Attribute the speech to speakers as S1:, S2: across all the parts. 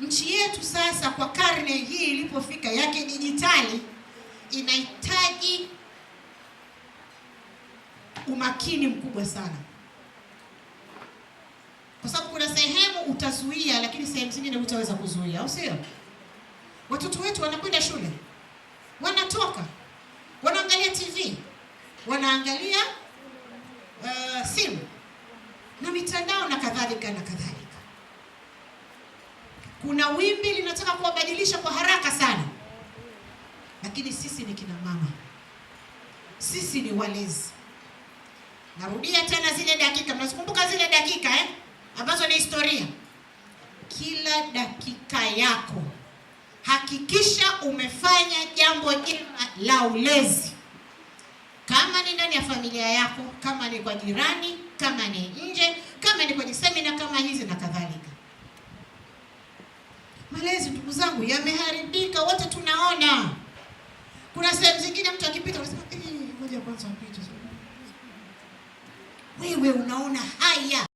S1: Nchi yetu sasa kwa karne hii ilipofika yake dijitali inahitaji umakini mkubwa sana, kwa sababu kuna sehemu utazuia, lakini sehemu zingine utaweza kuzuia, au sio? Watoto wetu wanakwenda shule, wanatoka, wanaangalia TV, wanaangalia uh, simu na mitandao na kadhalika na kadhalika. Kuna wimbi linataka kuwabadilisha kwa haraka sana, lakini sisi ni kina mama, sisi ni walezi. Narudia tena zile dakika, mnazikumbuka zile dakika eh, ambazo ni historia. Kila dakika yako hakikisha umefanya jambo jema la ulezi, kama ni ndani ya familia yako, kama ni kwa jirani, kama ni nje, kama ni kwenye semina kama hizi na kadhalika. Malezi ndugu zangu yameharibika, wote tunaona. Kuna sehemu zingine mtu akipita anasema moja eh, kwanza apite. Wewe unaona haya.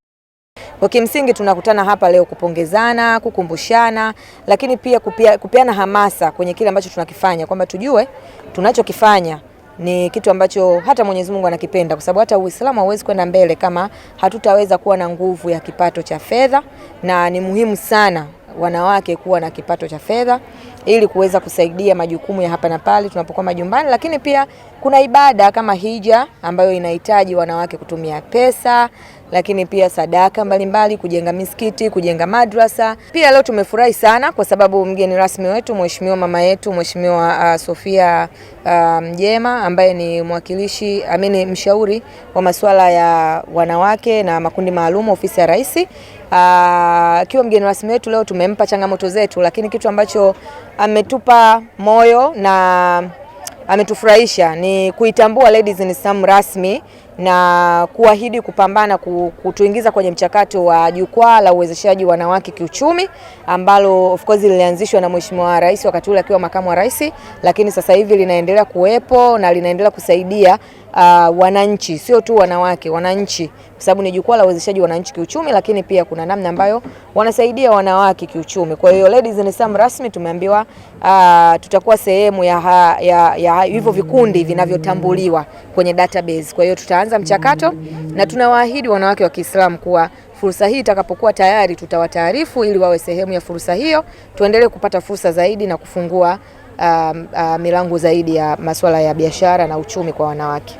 S2: Kwa kimsingi tunakutana hapa leo kupongezana, kukumbushana, lakini pia kupia, kupeana hamasa kwenye kile ambacho tunakifanya kwamba tujue tunachokifanya ni kitu ambacho hata Mwenyezi Mungu anakipenda kwa sababu hata Uislamu hauwezi kwenda mbele kama hatutaweza kuwa na nguvu ya kipato cha fedha, na ni muhimu sana wanawake kuwa na kipato cha fedha ili kuweza kusaidia majukumu ya hapa na pale tunapokuwa majumbani, lakini pia kuna ibada kama hija ambayo inahitaji wanawake kutumia pesa lakini pia sadaka mbalimbali, kujenga misikiti, kujenga madrasa. Pia leo tumefurahi sana kwa sababu mgeni rasmi wetu mheshimiwa mama yetu mheshimiwa uh, Sofia uh, Mjema ambaye ni mwakilishi amini mshauri wa masuala ya wanawake na makundi maalum ofisi ya rais uh, akiwa uh, mgeni rasmi wetu leo, tumempa changamoto zetu, lakini kitu ambacho ametupa moyo na ametufurahisha ni kuitambua Ladies in Islam rasmi na kuahidi kupambana kutuingiza kwenye mchakato wa jukwaa la uwezeshaji wanawake kiuchumi ambalo of course lilianzishwa na Mheshimiwa Rais wakati ule akiwa makamu wa rais, lakini sasa hivi linaendelea kuwepo na linaendelea kusaidia uh, wananchi, sio tu wanawake, wananchi, kwa sababu ni jukwaa la uwezeshaji wananchi kiuchumi, lakini pia kuna namna ambayo wanasaidia wanawake kiuchumi. Kwa hiyo ladies and some rasmi tumeambiwa uh, tutakuwa sehemu ya, ya, ya hivyo vikundi vinavyotambuliwa kwenye database. Kwa hiyo tuta tutaanza mchakato na tunawaahidi wanawake wa Kiislamu kuwa fursa hii itakapokuwa tayari tutawataarifu ili wawe sehemu ya fursa hiyo, tuendelee kupata fursa zaidi na kufungua uh, uh, milango zaidi ya masuala ya biashara na uchumi kwa wanawake.